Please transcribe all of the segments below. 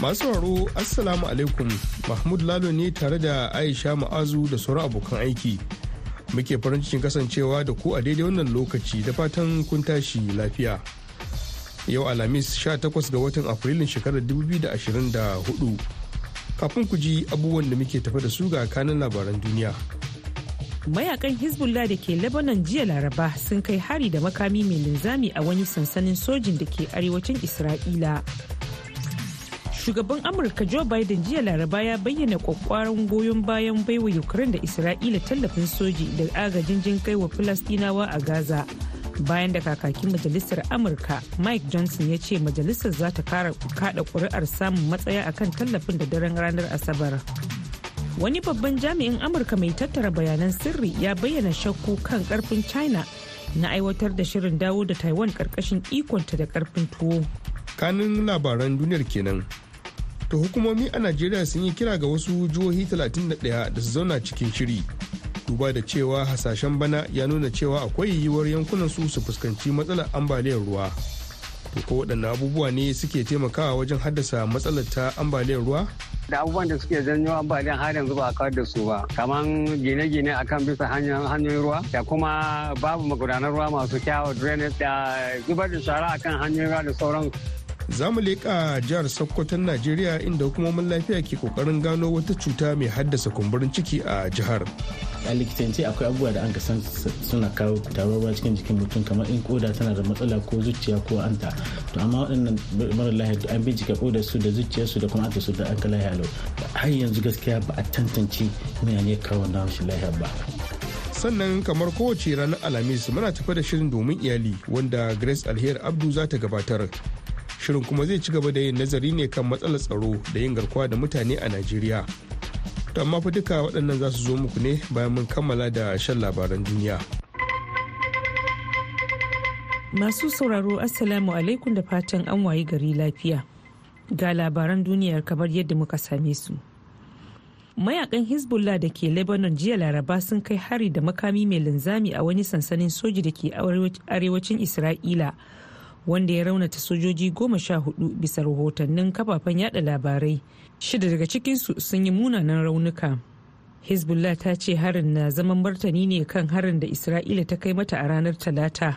masu sauraro assalamu alaikum mahmud lalo ne tare da aisha ma'azu da sauran abokan aiki muke farin cikin kasancewa da ku a daidai wannan lokaci da fatan kun tashi lafiya yau alhamis 18 ga watan afrilun shekarar 2024 kafin ku ji abubuwan da muke tafa da su ga kanin labaran duniya mayakan hezbollah da ke lebanon jiya laraba sun kai hari da makami mai linzami a wani sansanin sojin da ke arewacin isra'ila shugaban amurka joe biden jiya laraba ya bayyana kwakwaran goyon bayan baiwa ukraine da isra'ila tallafin soji da agajin jin kai wa filastinawa a gaza bayan da kakakin majalisar amurka mike johnson ya ce majalisar za ta kada kuri'ar samun matsaya akan tallafin da daren ranar asabar wani babban jami'in amurka mai tattara bayanan sirri ya bayyana shakku kan karfin china na aiwatar da shirin dawo da taiwan karkashin ikonta da karfin tuwo kanin labaran duniyar kenan to hukumomi a najeriya sun yi kira ga wasu jihohi 31 da su zauna cikin shiri duba da cewa hasashen bana ya nuna cewa akwai yiwuwar yankunan su su fuskanci matsalar ambaliyar ruwa to ko waɗanne abubuwa ne suke taimakawa wajen haddasa matsalar ta ambaliyar ruwa da abubuwan da suke janyo ambaliyar har yanzu ba a kawar da su ba kamar gine-gine akan bisa hanyoyin ruwa da kuma babu magudanar ruwa masu kyawa drainage da zubar da shara akan hanyoyin ruwa da sauran za mu leƙa jihar sokoton najeriya inda hukumomin lafiya ke kokarin gano wata cuta mai haddasa kumburin ciki a jihar a likitance akwai abubuwa da an ka san suna kawo taruwa cikin jikin mutum kamar in koda tana da matsala ko zuciya ko anta to amma waɗannan mara lahiya an bincika koda su da zuciya su da kuma anta su da an ka lahiyar lau har yanzu gaskiya ba a tantance mene ne kawo na shi lahiyar ba sannan kamar kowace ranar alhamis muna tafi da shirin domin iyali wanda grace alheri abdu za ta gabatar shirin kuma zai ci gaba da yin nazari ne kan matsalar tsaro da yin garkuwa da mutane a najeriya to amma fa duka waɗannan za su zo muku ne bayan mun kammala da shan labaran duniya masu sauraro assalamu alaikum da fatan an wayi gari lafiya ga labaran duniyar kamar yadda muka same su mayakan hezbollah da ke lebanon jiya laraba sun kai hari da makami mai linzami a wani sansanin soji da ke arewacin isra'ila wanda ya raunata sojoji goma sha hudu bisa rahotannin kafafen yada labarai shida daga cikinsu sun yi munanan raunuka hezbollah ta ce harin na zaman martani ne kan harin da isra'ila ta kai mata a ranar talata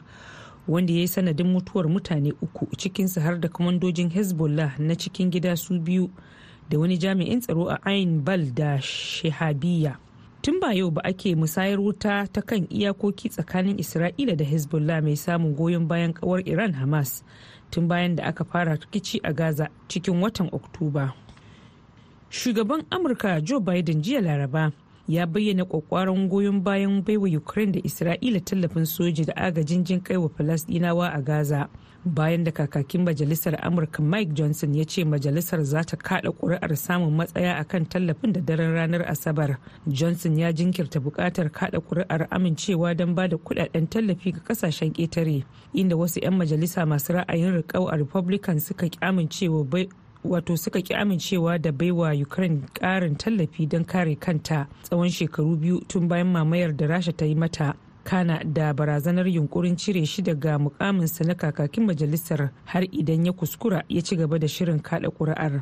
wanda ya yi sanadin mutuwar mutane uku cikinsu har da kwamandojin hezbollah na cikin gida su biyu da wani jami'in tsaro a ain bal da shehabiya tun ba yau ba ake musayar wuta ta kan iyakoki tsakanin isra'ila da hezbollah mai samun goyon bayan kawar iran hamas tun bayan da aka fara rikici a gaza cikin watan oktoba shugaban amurka joe biden jiya laraba ya bayyana kwakwaron goyon bayan baiwa ukraine da isra'ila tallafin soji da agajin jin kaiwa falasdinawa a gaza bayan da kakakin majalisar amurka mike johnson ya ce majalisar za ta kada kuri'ar samun matsaya akan tallafin da daren ranar asabar johnson ya jinkirta bukatar kada kuri'ar amincewa don ba da kudaden tallafi ga kasashen ƙetare inda wasu 'yan majalisa masu ra'ayin riƙau a republican suka amincewa wato suka ki amincewa da baiwa ukraine karin tallafi don kare kanta tsawon shekaru biyu tun bayan mamayar da rasha ta yi mata kana da barazanar yunkurin cire shi daga mukaminsa na kakakin majalisar har idan ya kuskura ya ci gaba da shirin kada kuri'ar.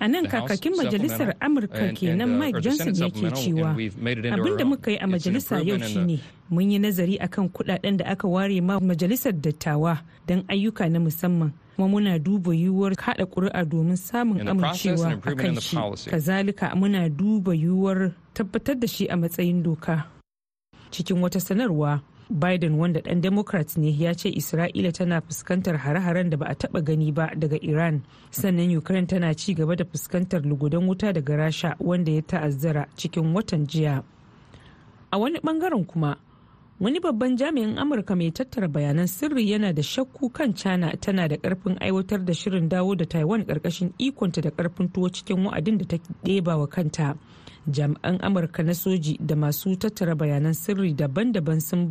A nan kakakin majalisar Amurka kenan uh, Mike Johnson yake cewa abinda muka yi a majalisa yau shine mun yi nazari akan kudaden da aka ware ma majalisar dattawa don ayyuka na musamman kuma muna duba yiwuwar kada kuri'a domin samun amincewa a kan shi kazalika muna duba yiwuwar tabbatar da shi a matsayin doka cikin wata sanarwa biden wanda dan democrat ne ya ce isra'ila tana fuskantar hare-haren da ba a taba gani ba daga iran sannan ukraine tana ci gaba da fuskantar lugudan wuta daga rasha wanda ya ta'azzara cikin watan jiya a wani bangaren kuma wani babban jami'in amurka mai tattara bayanan sirri yana da shakku kan china tana da karfin aiwatar da shirin dawo da taiwan karkashin ikonta da karfin tuwo cikin wa'adin da ta ɗeba wa kanta jami'an amurka na soji da masu tattara bayanan sirri daban-daban sun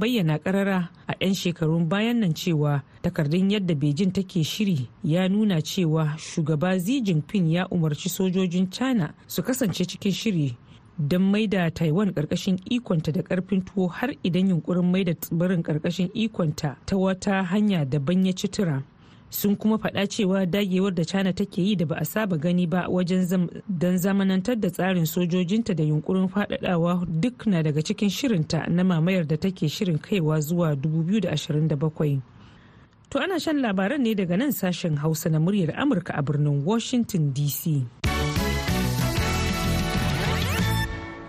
bayyana karara a 'yan shekarun bayan nan cewa takardun yadda beijing take shiri ya nuna cewa shugaba xi jinping ya umarci sojojin china su kasance cikin shiri don da taiwan karkashin ikonta da karfin tuwo har idan yunkurin mai da tsibirin karkashin ikonta ta wata hanya daban ya ci tura sun kuma faɗa cewa dagewar da china take yi da ba a saba gani ba wajen don zamanantar da tsarin sojojinta da yunkurin faɗaɗawa duk na daga cikin shirinta na mamayar da take shirin kaiwa zuwa 2027 to ana shan labaran ne daga nan sashen hausa na muryar amurka a birnin washington dc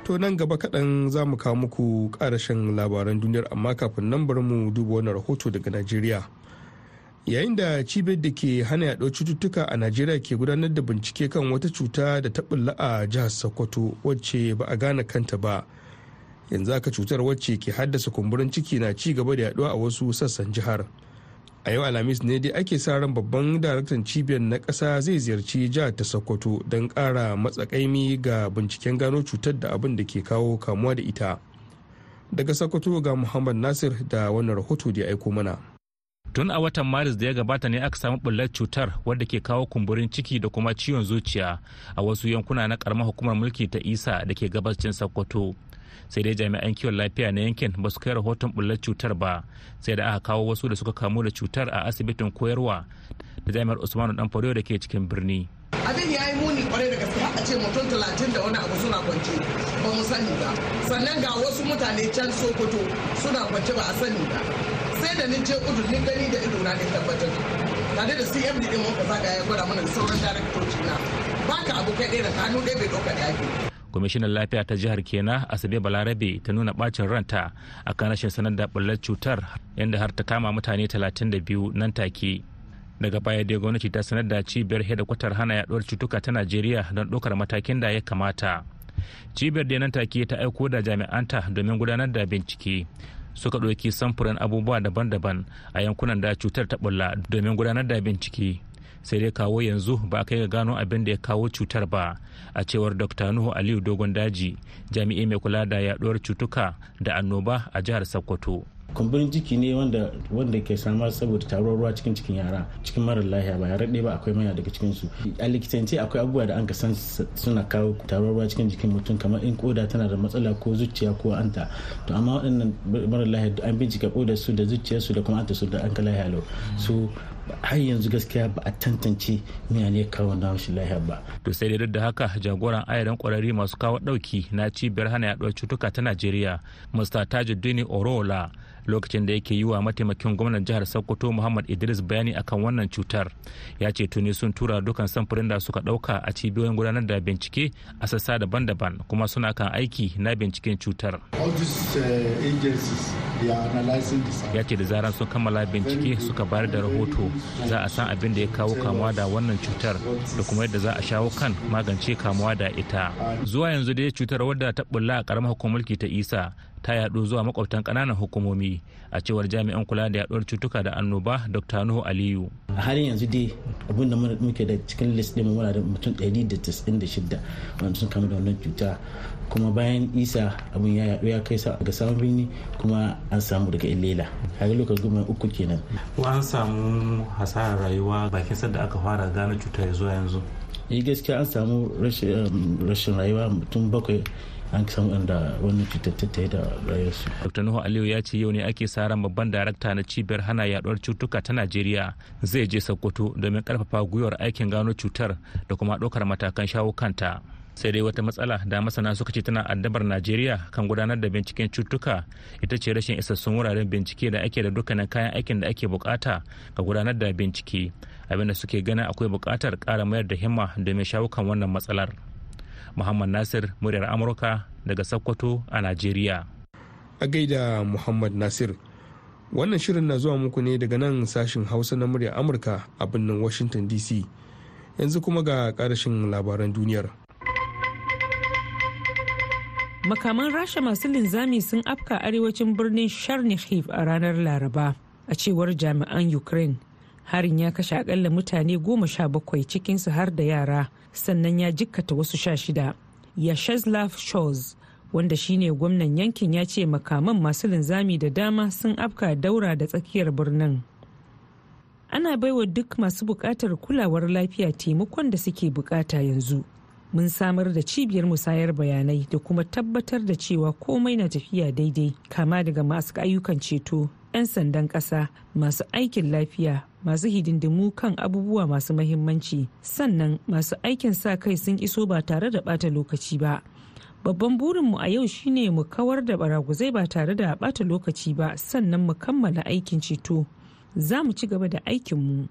to nan gaba kaɗan za mu kawo muku ƙarashin labaran duniyar amma kafin nan bari mu duba wani rahoto daga najeriya yayin da cibiyar da ke hana yaɗo cututtuka a najeriya ke gudanar da bincike kan wata cuta da ta bulla a jihar sokoto wacce ba a gane kanta ba yanzu aka cutar wacce ke haddasa kumburin ciki na ci gaba da yaɗuwa a wasu sassan jihar. a yau alhamis ne dai ake sa ran babban daraktan cibiyar na ƙasa zai ziyarci jihar ta sokoto don ƙara matsakaimi ga binciken gano cutar da abin da ke kawo kamuwa da ita daga sokoto ga muhammad nasir da wannan rahoto da ya aiko mana tun a watan maris da ya gabata ne aka samu bullar cutar wadda ke kawo kumburin ciki da kuma ciwon zuciya a wasu yankuna na karamar hukumar mulki ta isa da ke gabashin sokoto sai dai jami'an kiwon lafiya na yankin ba su kai rahoton bullar cutar ba sai da aka kawo wasu da suka kamu da cutar a asibitin koyarwa da jami'ar usmanu dan da ke cikin birni abin ya yi muni kwarai da gaske a ce mutum talatin da wani abu suna kwance ba mu sani ba sannan ga wasu mutane can sokoto suna kwance ba a sani ba sai da ni je kudu ni gani da ido na ne tabbatar tare da cmd din mun ka zaga ya gwada mana da sauran daraktoci na baka abu kai ɗaya da kanu ɗaya bai ɗauka da ake kwamishinan lafiya ta jihar kenan asabe balarabe ta nuna bacin ranta a kan rashin sanar da bullar cutar inda har ta kama mutane 32 nan take daga baya dai gwamnati ta sanar da cibiyar kwatar hana yaɗuwar cutuka ta najeriya don ɗaukar matakin da ya kamata cibiyar da nan take ta aiko da jami'anta domin gudanar da bincike suka ɗauki samfurin abubuwa daban-daban a yankunan da cutar ta bulla domin gudanar da bincike sai dai kawo yanzu ba a kai ga gano abin da ya kawo cutar ba a cewar dr nuhu aliyu dogon daji jami'i mai kula da yaduwar cutuka da annoba a jihar sokoto kumburin jiki ne wanda wanda ke samar saboda taruwar ruwa cikin cikin yara cikin marar lahiya ba yara ba akwai maya daga cikin su a likitance akwai abubuwa da an ka san suna kawo taruwar ruwa cikin jikin mutum kamar in koda tana da matsala ko zuciya ko anta to amma waɗannan marar lahiya an bincika koda su da zuciyarsu su da kuma anta su da an ka lahiya lau su har yanzu gaskiya ba a tantance miya ne kawo na shi lahiya ba. To sai da da haka jagoran ayaran kwararri masu kawo dauki na cibiyar hana yaduwar cutuka ta Najeriya Mr. Tajuddin Orola lokacin da yake yi wa mataimakin gwamnan jihar sokoto muhammad idris bayani akan wannan cutar ya ce tuni sun tura dukan samfurin da suka ɗauka a cibiyoyin gudanar da bincike a sassa daban-daban kuma suna kan aiki na binciken cutar uh, ya ce da zaran sun kammala bincike suka bayar da rahoto za a san abin da ya kawo kamuwa da wannan cutar da kuma yadda za a shawo kan magance kamuwa da ita zuwa yanzu dai cutar wadda ta bulla a karamar hukumar ta isa ta yaɗu zuwa makwabtan ƙananan hukumomi a cewar jami'an kula da yaɗuwar cutuka da annoba dr nuhu aliyu a halin yanzu dai abin da muke da cikin list ɗin muna da mutum 196 wanda sun kamu da wannan cuta kuma bayan isa abin ya yaɗu ya kai ga samun birni kuma an samu daga ilela kaga lokacin goma uku kenan ko an samu hasarar rayuwa bakin sadda aka fara gane cutar zuwa yanzu yi eh, gaskiya an samu rashin um, rayuwa mutum bakwai an san inda wani cutar ta yi da rayuwarsu. Dr. Nuhu Aliyu ya ce yau ne ake sa ran babban darakta na cibiyar hana yaduwar cutuka ta Najeriya zai je Sokoto domin karfafa gwiwar aikin gano cutar da kuma ɗaukar matakan shawo kanta. sai dai wata matsala da masana suka ce tana addabar najeriya kan gudanar da binciken cutuka ita ce rashin isassun wuraren bincike da ake da dukkanin kayan aikin da ake bukata ga gudanar da bincike abinda suke ganin akwai bukatar kara mayar da himma domin shawukan wannan matsalar Muhammad Nasir muryar Amurka daga Sokoto a Najeriya. A gaida Muhammad Nasir. Wannan shirin na zuwa muku ne daga nan sashin Hausa na muryar Amurka a birnin Washington DC. Yanzu kuma ga ƙarashin labaran duniyar. Makaman Rasha masu linzami sun afka arewacin birnin Chernihiv a ranar Laraba, a cewar jami'an Ukraine. harin ya kashe akalla mutane goma sha bakwai cikinsu har da yara sannan ya jikkata wasu sha shida yashaslav shows wanda shine gwamnan yankin ya ce makaman masu linzami da dama sun afka daura da tsakiyar birnin ana baiwa duk masu bukatar kulawar lafiya taimakon da suke bukata yanzu mun samar da cibiyar musayar bayanai da kuma tabbatar da cewa komai na tafiya daidai kama daga masu ayyukan ceto 'yan sandan ƙasa masu aikin lafiya masu hidindimu kan abubuwa masu mahimmanci sannan masu aikin sa kai sun iso ba tare da bata lokaci ba babban burinmu a yau shine mu kawar da baraguzai ba tare da ɓata lokaci ba sannan mu kammala aikin ceto za mu ci gaba da aikinmu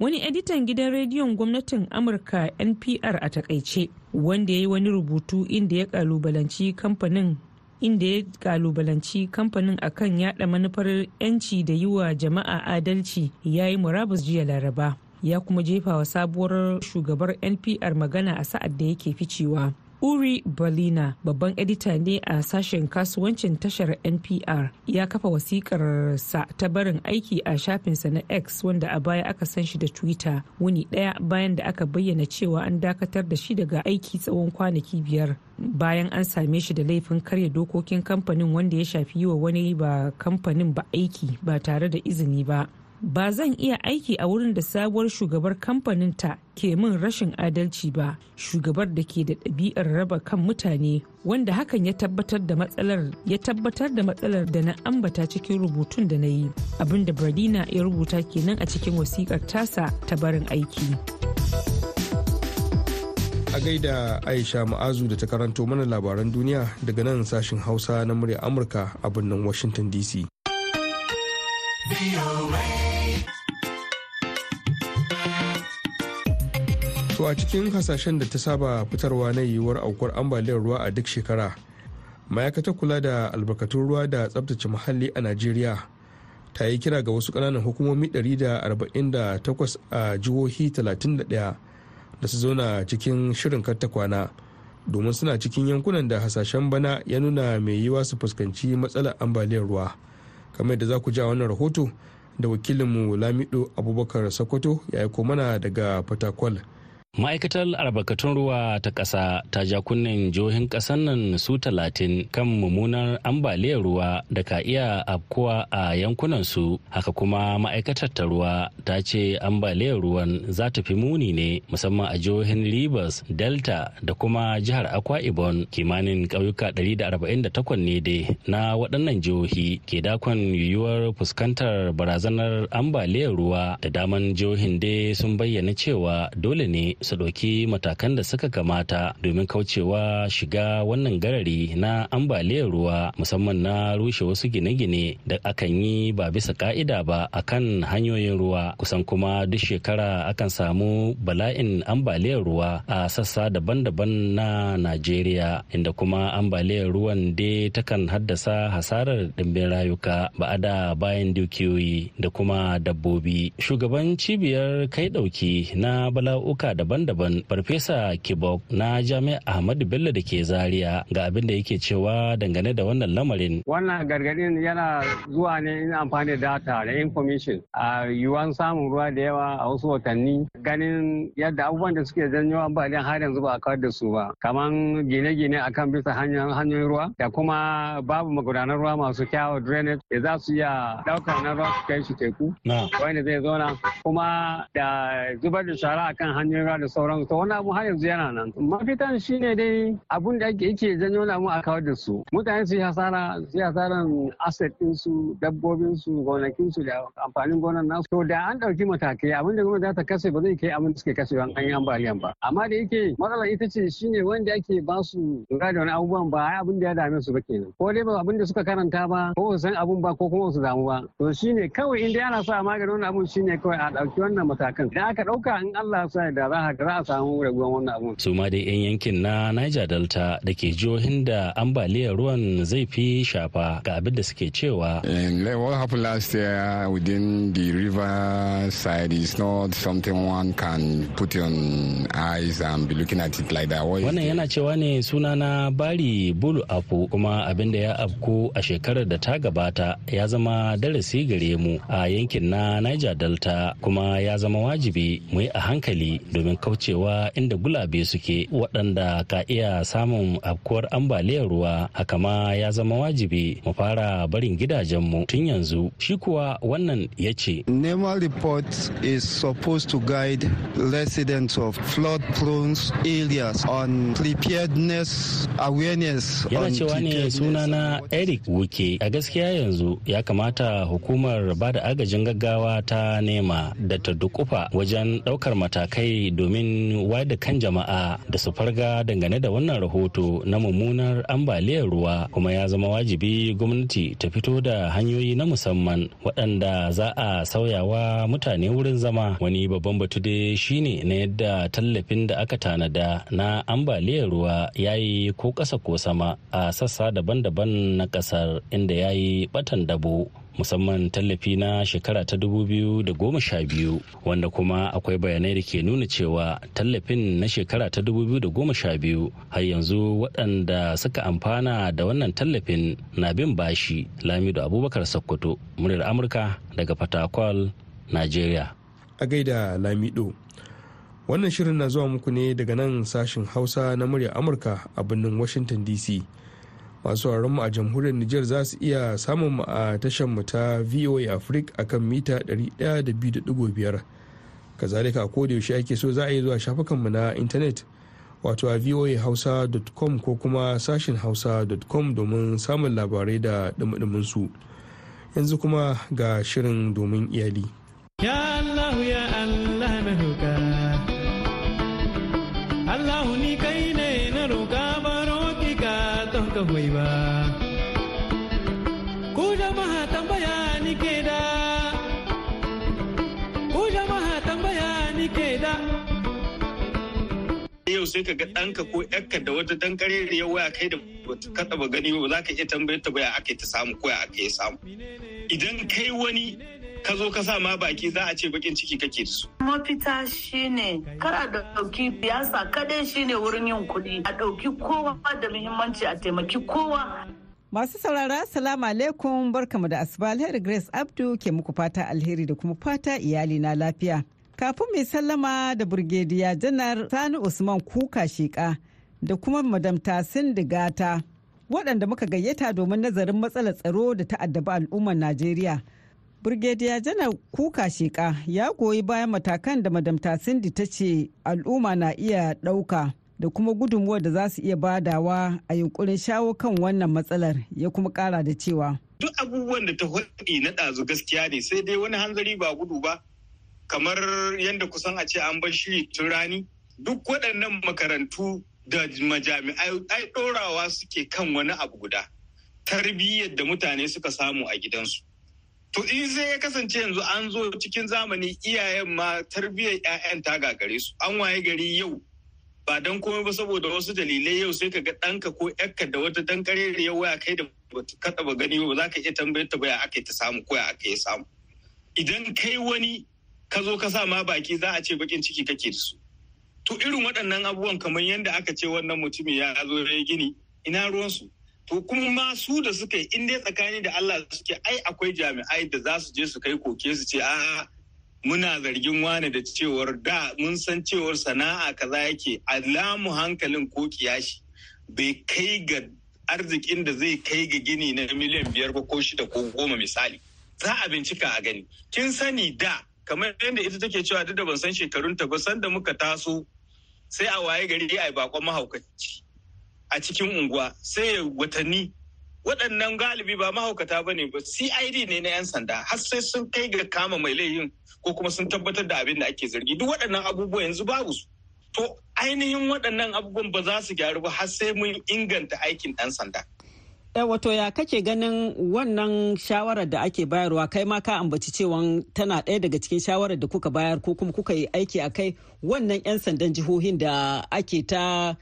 wani editan gidan rediyon gwamnatin amurka npr a takaice wanda ya yi wani rubutu inda ya kalubalanci kamfanin inda ya kalubalanci kamfanin akan yada manufar 'yanci da yi wa jama'a adalci ya yi murabus jiya laraba ya kuma jefa wa sabuwar shugabar npr magana a sa'ad da yake ficewa uri balina babban edita ne a sashen kasuwancin tashar npr ya kafa wasikar sa ta barin aiki a shafinsa na x wanda a baya aka san shi da twitter wuni daya bayan da aka bayyana cewa an dakatar da shi daga aiki tsawon kwanaki biyar bayan an same shi da laifin karya dokokin kamfanin wanda ya shafi yi wa wani ba kamfanin ba aiki ba tare da izini ba ba zan iya aiki a wurin da sabuwar shugabar kamfanin ta ke min rashin adalci ba shugabar da ke da ɗabi'ar raba kan mutane wanda hakan ya tabbatar da matsalar ya tabbatar da matsalar da na ambata cikin rubutun da na yi abinda bradina ya rubuta kenan a cikin wasikar tasa ta barin aiki a gaida aisha ma'azu da ta karanto mana labaran duniya daga nan sashin hausa na murya amurka a birnin washington dc way. to a cikin hasashen da ta saba fitarwa na yiwuwar aukuwar ambaliyar ruwa a duk shekara ma'aikatar kula da albarkatun ruwa da tsabtace muhalli a najeriya ta yi kira ga wasu ƙananan hukumomi 148 a jihohi 31 da su zauna cikin shirin kwana domin suna cikin yankunan da hasashen bana ya nuna mai yiwa su fuskanci matsalar ambaliyar ruwa kamar da za ku ja wannan rahoto da wakilinmu lamido abubakar sokoto ya yi mana daga patakwal. ma'aikatar albarkatun ruwa ta ƙasa ta ja kunnen jihohin ƙasar nan su talatin kan mummunar ambaliyar ruwa da ka iya afkuwa a yankunan su haka kuma ma'aikatar ta ruwa ta ce ambaliyar ruwan za ta fi muni ne musamman a jihohin rivers delta da kuma jihar akwa ibon kimanin ƙauyuka 148 ne dai na waɗannan jihohi ke dakon yiwuwar fuskantar barazanar ambaliyar ruwa da daman jihohin dai sun bayyana cewa dole ne su ɗauki matakan da suka kamata domin kaucewa shiga wannan garari na ambaliyar ruwa musamman na rushe wasu gine-gine da akan yi ba bisa ka'ida ba akan hanyoyin ruwa kusan kuma duk shekara akan samu bala'in ambaliyar ruwa a sassa daban-daban na najeriya inda kuma ambaliyar ruwan dai takan haddasa hasarar ɗimbin rayuka ba a da bayan dukiyoyi da kuma dabbobi shugaban cibiyar kai ɗauki na bala'uka daban daban-daban farfesa kibok na jami'a ahmadu bello da ke zaria ga abin da yake cewa dangane da wannan lamarin wannan gargadin yana zuwa ne in amfani da data da information a yiwuwan samun ruwa da yawa a wasu watanni ganin yadda abubuwan da suke janyo ambaliyan har yanzu ba a kawar da su ba kamar gine-gine akan bisa hanyoyin ruwa da kuma babu magudanan ruwa masu kyawu drainage da za su iya daukar na ruwa su kai shi teku wanda zai zauna kuma da zubar da shara akan hanyoyin ruwa da sauran to wani abu har yanzu yana nan mafitan shine dai abun da ake yake janyo na mu a kawar da su mutane su yi hasara su yi hasaran asset din su dabbobin su gonakin su da amfanin gonan nasu to da an dauki matakai abin da gwamnati za ta kashe ba zai kai abin da suke ba an yi ambaliyan ba amma da yake matsalar ita ce shine wanda ake ba su lura da wani abubuwan ba ai abin da ya dame su ba kenan ko dai ba abin da suka karanta ba ko su san abun ba ko kuma su damu ba to shine kawai inda ana sa maganin wannan abun shine kawai a dauki wannan matakan Da aka dauka in Allah ya sa da za haka za a samu raguwan wannan abun. su ma dai 'yan yankin na niger delta da ke jihohin da ambaliyar ruwan zai fi shafa ga abin da suke cewa. what happened last year within the river side is not something one can put on eyes and be looking at it like that. wannan yana cewa ne suna na bari bulu afu kuma abin da ya afku a shekarar da ta gabata ya zama darasi gare mu a yankin na niger delta kuma ya zama wajibi mu yi a hankali domin domin kaucewa inda gulabe suke waɗanda ka iya samun afkuwar ambaliyar ruwa haka ma ya zama wajibi mu fara barin gidajenmu tun yanzu shi kuwa wannan ya ce nema report is supposed to guide residents of flood prone areas on preparedness awareness yana cewa ne sunana eric wuke a gaskiya yanzu ya kamata hukumar ba da agajin gaggawa ta nema da ta dukufa wajen daukar matakai domin wayar da kan jama'a da su farga dangane da wannan rahoto na mummunar ambaliyar ruwa kuma ya zama wajibi gwamnati ta fito da hanyoyi na musamman waɗanda za a sauyawa mutane wurin zama wani babban batu dai shine na yadda tallafin da aka tanada na ambaliyar ruwa ya yi ko ƙasa ko sama a sassa daban-daban na ƙasar inda ya yi ɓatan dabo musamman tallafi na shekara ta 2012 wanda kuma akwai bayanai da ke nuna cewa tallafin na shekara ta 2012 har yanzu waɗanda suka amfana da wannan tallafin na bin bashi lamido abubakar sokoto muryar amurka daga fatakwal nigeria a gaida lamido wannan shirin na zuwa muku ne daga nan sashen hausa na muryar amurka a birnin washington dc masu mu a jamhuriyar Nijar za su iya samun a tashar mu ta VOA Africa akan mita 102.5 kazalika a koda yaushe ake so za a yi zuwa shafukan mu na intanet wato a voahausa.com ko kuma sashin hausa.com domin samun labarai da dumudumin su yanzu kuma ga shirin domin iyali ya Allah ya Allah ku jama'a tambaya ke da yau sai ka ga ɗanka ko ƴakka da wata da ya waya kai da ka taɓa gani ba za ka iya tambayar ta baya aka ta samu ko aka yi samu idan kai wani ka zo ka sa ma baki za a ce bakin ciki kake da su. Mafita shine kar a ɗauki biyasa kadai shine wurin yin kuɗi a ɗauki kowa da muhimmanci a taimaki kowa Masu saurara salamu alaikum barkamu da asuba alheri Grace Abdu ke muku fata alheri da kuma fata iyali na lafiya. Kafin mai sallama da Burgediya Janar Sani Usman Kuka Sheka da kuma Madam Tasin Digata waɗanda muka gayyata domin nazarin matsalar tsaro da ta'addaba al'ummar Najeriya. Burgediya Janar Kuka Sheka ya goyi bayan matakan da Madam Tasin ta ce al'umma na iya ɗauka. da kuma gudunmuwar da za su iya badawa a yunkurin shawo kan wannan matsalar ya kuma kara da cewa. Duk abubuwan da ta hudu na ɗazu gaskiya ne sai dai wani hanzari ba gudu ba kamar yadda kusan a ce an bar shiri tun rani duk waɗannan makarantu da majami'ai ai ɗorawa suke kan wani abu guda tarbiyyar da mutane suka samu a gidansu. To in sai ya kasance yanzu an zo cikin zamani iyayen ma tarbiyyar 'ya'yan ta gagare su an waye gari yau ba don komai ba saboda wasu dalilai yau sai ka ga ɗanka ko ƴakka da wata dan ya waya kai da bata kada ba gani ba za ka iya tambayar ta baya aka ta samu ko ya aka yi samu idan kai wani ka zo ka sa ma baki za a ce bakin ciki kake da su to irin waɗannan abubuwan kamar yadda aka ce wannan mutumin ya zo ya gini ina ruwan su? to kuma ma su da suka yi in dai tsakani da Allah suke ai akwai jami'ai da za su je su kai koke su ce a'a muna zargin wane da cewar da mun san cewar sana'a kaza yake alamu hankalin ko kiyashi bai kai ga arzikin da zai kai ga gini na miliyan biyar ba ko shida ko goma misali za a bincika a gani kin sani da kamar yadda ita take cewa duk da ban san shekarun ta ba san da muka taso sai a waye gari a bakon mahaukaci a cikin unguwa sai watanni waɗannan galibi ba mahaukata ba ne ba cid ne na 'yan sanda har sai sun kai ga kama mai laifin ko kuma sun tabbatar da abin da ake zargi duk waɗannan abubuwa yanzu babu su to ainihin waɗannan abubuwan ba za su gyaru ba har sai mun inganta aikin ɗan sanda eh, wato ya kake ganin wannan shawarar da ake bayarwa kai ma ka ambaci cewa tana ɗaya daga cikin shawarar da kuka bayar ko kuma kuka yi aiki a kai wannan 'yan sandan jihohin da ake ta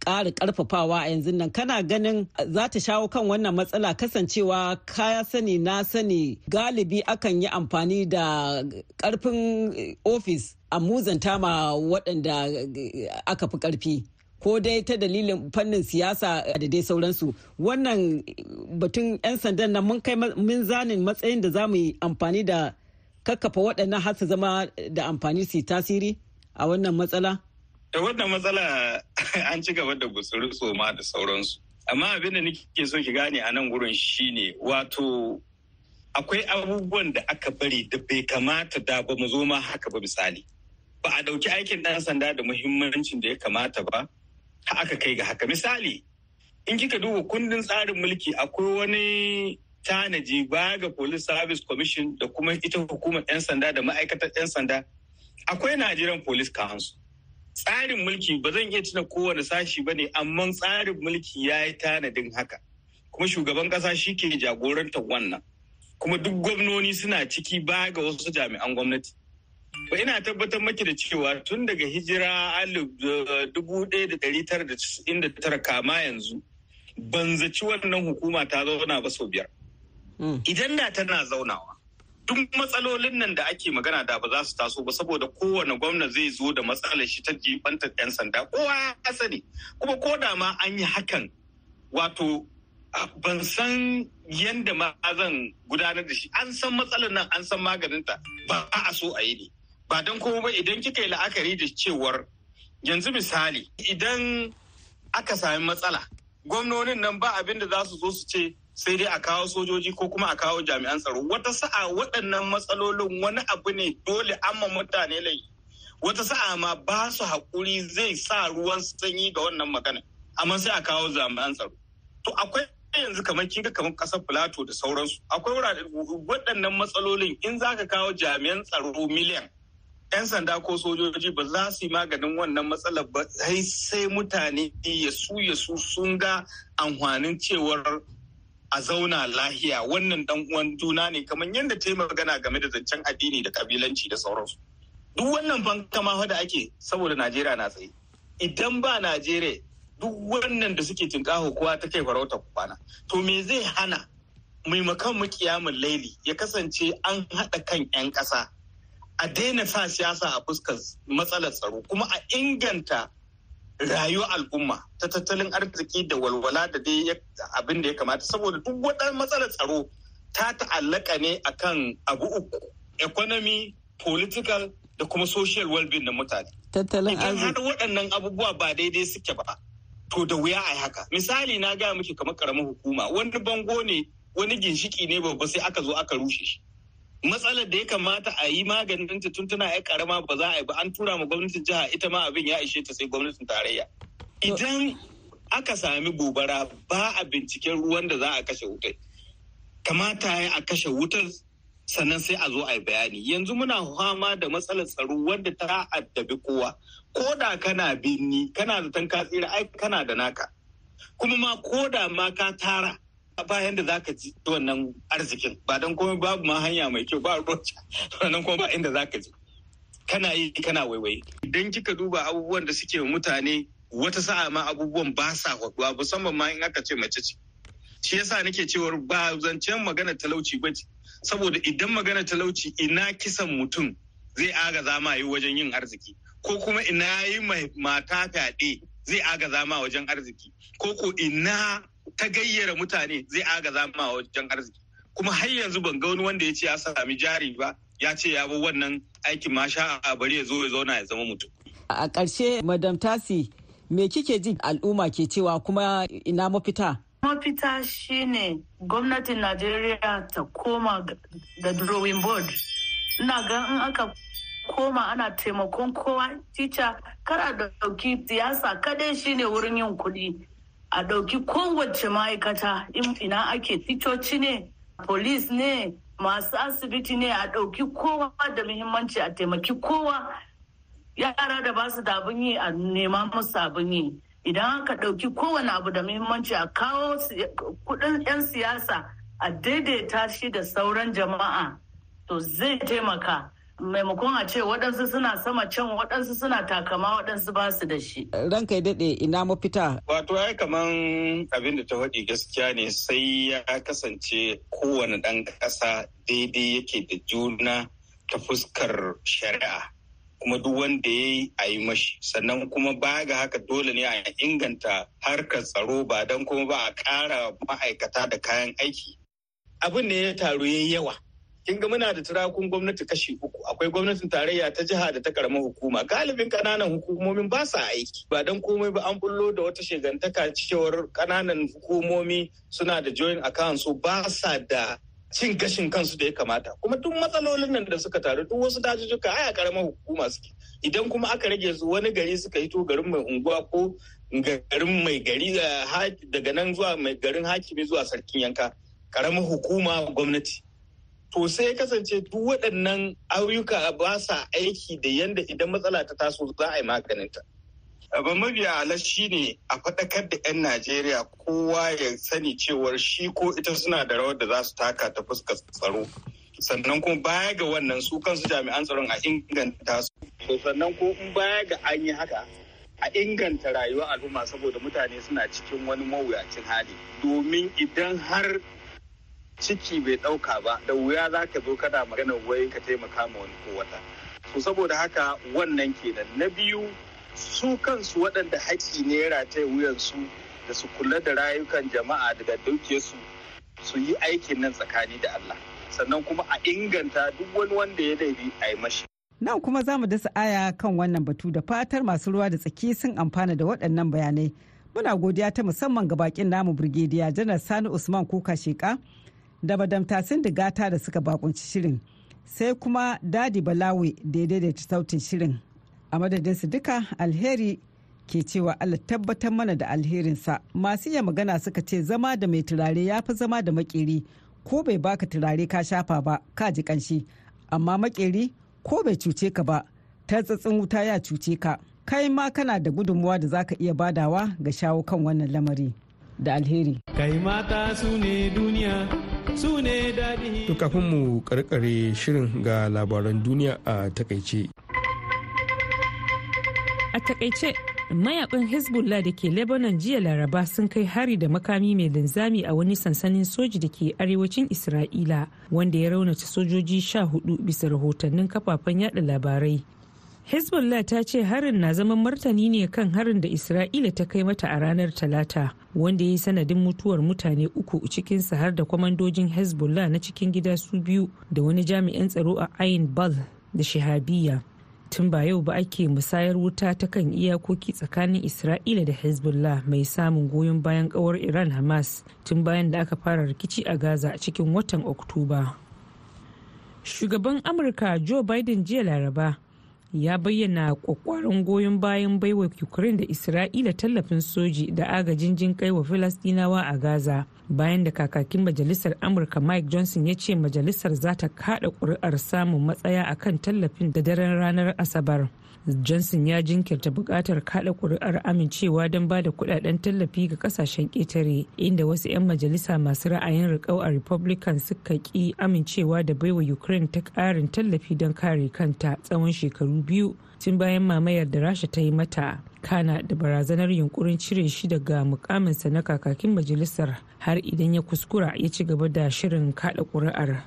ƙara ƙarfafawa a yanzu nan kana ganin za ta shawo kan wannan matsala kasancewa kaya sani na sani galibi akan yi amfani da ƙarfin ofis a muzanta ma waɗanda aka fi ƙarfi ko dai ta dalilin fannin siyasa da dai sauransu wannan batun 'yan sandan nan mun kai mun zanin matsayin da za mu yi amfani da kakkafa waɗannan har su zama da amfani su tasiri a wannan matsala? da wannan matsala an ci gaba da gutsuri tsoma da sauransu amma abin da nake so ki gane a nan gurin shine wato akwai abubuwan da aka bari da bai kamata da ba mu zo ma haka ba misali ba a ɗauki aikin ɗan sanda da muhimmancin da ya kamata ba ha aka kai ga haka misali in kika duba kundin tsarin mulki akwai wani tanaji baya ga police service commission da kuma ita hukumar 'yan sanda da ma'aikatar 'yan sanda akwai nigerian police council tsarin mulki ba zan iya tuna kowane sashi ba ne amma tsarin mulki ya yi tanadin haka kuma shugaban kasa shi ke jagorantar wannan kuma duk gwamnoni suna ciki ba ga wasu jami'an gwamnati ba ina tabbatar maki da cewa tun daga hijira eh, tara kama yanzu ban zaci wannan hukuma ta zauna ba sau biyar hmm. idan da tana zaunawa duk matsalolin nan da ake magana da ba za su taso ba saboda kowane gwamna zai zo da matsalar shi ta jibantar 'yan sanda kowa ya sani kuma ko da ma an yi hakan wato ban san yadda ma zan gudanar da shi an san matsalar nan an san maganinta ba a so a yi ne ba don kuma ba idan kika yi la'akari da cewar yanzu misali idan aka sami matsala gwamnonin nan ba abin da za su zo su ce sai dai a kawo sojoji ko kuma a kawo jami'an tsaro wata sa'a waɗannan matsalolin wani abu ne dole amma mutane lai wata sa'a ma ba su haƙuri zai sa ruwan sanyi ga wannan magana amma sai a kawo jami'an tsaro to akwai yanzu kamar kinga kamar kasar filato da sauransu akwai waɗannan matsalolin in za ka kawo jami'an tsaro miliyan 'yan sanda ko sojoji ba za su yi maganin wannan matsalar ba sai sai mutane ya su ya su sun ga amfanin cewar a zauna lahiya wannan dan uwan juna ne kamar yadda ta yi magana game da zancen addini da kabilanci da sauransu duk wannan fankama da ake saboda najeriya na tsaye idan ba najeriya duk wannan da suke tinkaho kowa ta kai farauta kwana to me zai hana maimakon mu kiyamun laili ya kasance an haɗa kan 'yan ƙasa a daina sa siyasa a fuskar matsalar tsaro kuma a inganta rayuwar al'umma ta tattalin arziki da walwala da dai abin da ya kamata saboda duk waɗannan matsalar tsaro ta ta'allaka ne akan abu uku economy political da kuma social well-being na mutane tattalin arziki idan waɗannan abubuwa ba daidai suke ba to da wuya a haka misali na gaya miki kamar karamin hukuma wani bango ne wani ginshiki ne babba sai aka zo aka rushe shi matsalar da ya kamata a yi maganin ta tun tana 'yar karama ba za a yi ba an tura ma gwamnatin jiha ita ma abin ya ishe ta sai gwamnatin tarayya idan aka sami gobara ba a binciken ruwan da za a kashe wutar kamata ya a kashe wutar sannan sai a zo a yi bayani yanzu muna fama da matsalar tsaro wanda ta addabi kowa ko da kana binni kana da tankatsira tsira ai kana da naka kuma ma ko da ma ka tara bayan da za ka ji wannan arzikin ba don kuma babu ma hanya mai kyau ba rocha wannan kuma ba inda za ka ji kana yi kana waiwaye idan kika duba abubuwan da suke mutane wata sa'a ma abubuwan ba sa haɗuwa musamman ma in aka ce mace ce shi yasa nake cewar ba zancen magana talauci ba ce saboda idan magana talauci ina kisan mutum zai aga zama yi wajen yin arziki ko kuma ina yi mata fyaɗe zai aga zama wajen arziki ko ko ina ta gayyara mutane zai agaza ma wajen arziki kuma har yanzu ban ga wani wanda ya ce ya sami jari ba ya ce ya bi wannan aikin ma sha a bari ya zo ya zauna ya zama mutum a ƙarshe madam tasi me kike ji al'umma ke cewa kuma ina mafita mafita shine gwamnatin najeriya ta koma da drawing board ina ga in aka koma ana taimakon kowa tica kara da dauki siyasa kadai shine wurin yin kuɗi a ɗauki kowace ma'aikata ina ake fitoci ne polis ne masu asibiti ne a ɗauki kowa da muhimmanci a taimaki kowa yara da ba su da abin yi a nema musu abin yi idan aka ɗauki kowane abu da muhimmanci a kawo kudin 'yan siyasa a daidaita shi da sauran jama'a to zai taimaka maimakon a ce waɗansu suna sama can waɗansu suna takama waɗansu ba su da shi. Ranka daɗe ina mafita. Wato ya kaman abin da ta faɗi gaskiya ne sai ya kasance kowane ɗan ƙasa daidai yake da juna ta fuskar shari'a. kuma duk wanda ya yi a yi mashi sannan kuma ba ga haka dole ne a inganta harkar tsaro ba don kuma ba a ƙara ma'aikata da kayan aiki abin ne ya taru ya yawa kin ga muna da turakun gwamnati kashi uku akwai gwamnatin tarayya ta jiha da ta karamar hukuma galibin kananan hukumomin ba sa aiki ba dan komai ba an bullo da wata shegantaka cewar kananan hukumomi suna da joint account so? ba sa da cin gashin kansu da ya kamata kuma duk matsalolin nan da suka taru duk wasu dajujjuka aya karamar hukuma suke idan kuma aka rage su wani gari suka hito garin mai unguwa ko garin mai gari eh, daga nan zuwa mai garin hakimi zuwa sarkin yanka karamar hukuma gwamnati to sai kasance duk waɗannan ayyuka ba sa aiki da yadda idan matsala ta taso za a yi maganinta. Abin mabiya alas shi ne a faɗakar da 'yan Najeriya kowa ya sani cewar shi ko ita suna da rawar da za su taka ta fuskar tsaro. Sannan kuma baya ga wannan su kansu jami'an tsaron a inganta su. Sannan ko in baya ga an yi haka a inganta rayuwar al'umma saboda mutane suna cikin wani mawuyacin hali. Domin idan har ciki bai ɗauka ba da wuya za ka zo kana magana wai ka taimaka ma wani ko wata to saboda haka wannan kenan na biyu su kansu waɗanda haƙƙi ne ya rataye wuyansu da su kula da rayukan jama'a daga dauke su yi aikin nan tsakani da Allah sannan kuma a inganta duk wani wanda ya laifi a yi mashi nan kuma za mu dasa aya kan wannan batu da fatar masu ruwa da tsaki sun amfana da waɗannan bayanai muna godiya ta musamman ga bakin namu birgediya janar sani usman kuka sheka da sun digata da suka bakunci shirin sai kuma dadi balawi da sautin shirin a su duka alheri ke cewa allah tabbatar mana da alherinsa masu iya magana suka ce zama da mai turare ya fi zama da makeri ko bai baka turare ka shafa ba ka ji kanshi amma makeri ko bai cuce ka ba tartsatsin wuta ya cuce ka kai ma kana da gudunmuwa da zaka iya badawa ga shawo kan wannan lamari da alheri. Kai mata su ne duniya su ne daɗi. To kafin mu karkare shirin ga labaran duniya a takaice. A takaice mayakan Hezbollah da ke Lebanon jiya Laraba sun kai hari da makami mai linzami a wani sansanin soji da ke arewacin Isra'ila wanda ya raunata sojoji sha hudu bisa rahotannin kafafen yada labarai hezbollah ta ce harin na zaman martani ne kan harin da isra'ila ta kai mata a ranar talata wanda ya yi sanadin mutuwar mutane uku cikinsa har da kwamandojin hezbollah na cikin gida su biyu da wani jami'an tsaro a ayin bal da shahabiya tun ba yau ba ake musayar wuta ta kan iyakoki tsakanin isra'ila da hezbollah mai samun goyon bayan kawar iran hamas tun bayan da aka fara rikici a gaza a cikin watan oktoba shugaban amurka joe biden jiya laraba ya bayyana kwakwaron goyon bayan baiwa ukraine da isra'ila tallafin soji da agajin jin kai wa filastinawa a gaza bayan da kakakin majalisar amurka mike johnson ya ce majalisar za ta kada kuri'ar samun matsaya akan tallafin da daren ranar asabar johnson ya jinkirta buƙatar kada kuri'ar amincewa don ba da kudaden tallafi ga kasashen ƙetare inda wasu 'yan majalisa masu ra'ayin riƙau a republican suka ƙi amincewa da baiwa ukraine ta ƙarin tallafi don kare kanta tsawon shekaru biyu tun bayan mamayar da rasha ta yi mata kana da barazanar yunkurin cire shi daga mukaminsa na kakakin majalisar har idan ya kuskura ya ci gaba da shirin kada kuri'ar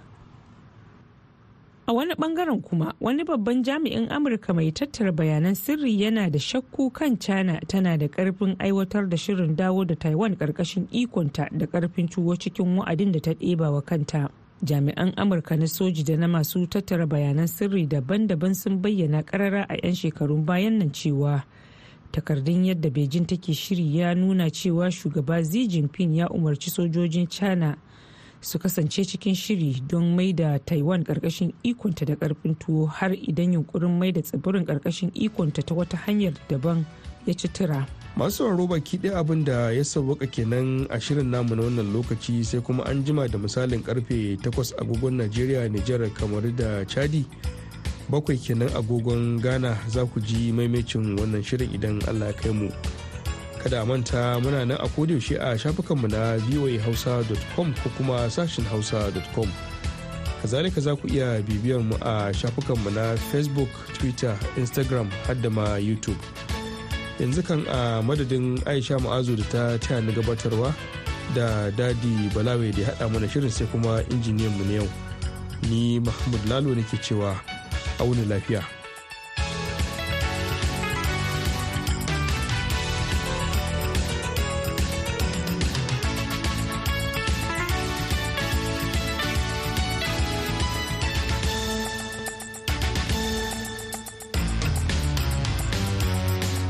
a wani bangaren kuma wani babban jami'in amurka mai tattara bayanan sirri yana da shakku kan china tana da karfin aiwatar da shirin dawo da taiwan karkashin ikonta da karfin tuwo cikin wa'adin da ta ɗeba wa kanta jami'an amurka na soji da na masu tattara bayanan sirri daban-daban sun bayyana karara a 'yan shekarun bayan nan cewa takardun yadda beijing take shiri ya nuna cewa shugaba xi jinping ya umarci sojojin china su kasance cikin shiri don mai da taiwan karkashin ikonta da karfin tuwo har idan yunkurin mai da tsibirin karkashin ikonta ta wata hanyar daban ya ci tura masu sauraro baki ɗaya abin da ya sauwaka kenan a shirin namu na wannan lokaci sai kuma an jima da misalin karfe 8 agogon najeriya nijar kamar da chadi bakwai kenan agogon ghana za ku ji maimacin wannan shirin idan allah ya kai mu kada manta muna nan a yaushe a shafukanmu na voahausa.com ko kuma sashin hausa.com kazalika za ku iya bibiyar mu a shafukanmu na facebook twitter instagram har da ma youtube yanzu kan a madadin aisha ma'azu da ta taya ni gabatarwa da dadi balawe da haɗa mana shirin sai kuma injiniyan mu na yau ni mahmud lalo nake cewa auni lafiya